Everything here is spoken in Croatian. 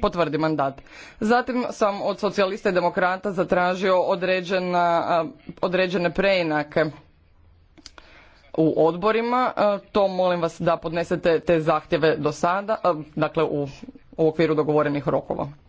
potvrdi mandat. Zatim sam od socijalista i demokrata zatražio određene preinake u odborima. To molim vas da podnesete te zahtjeve do sada, dakle u okviru dogovorenih rokova.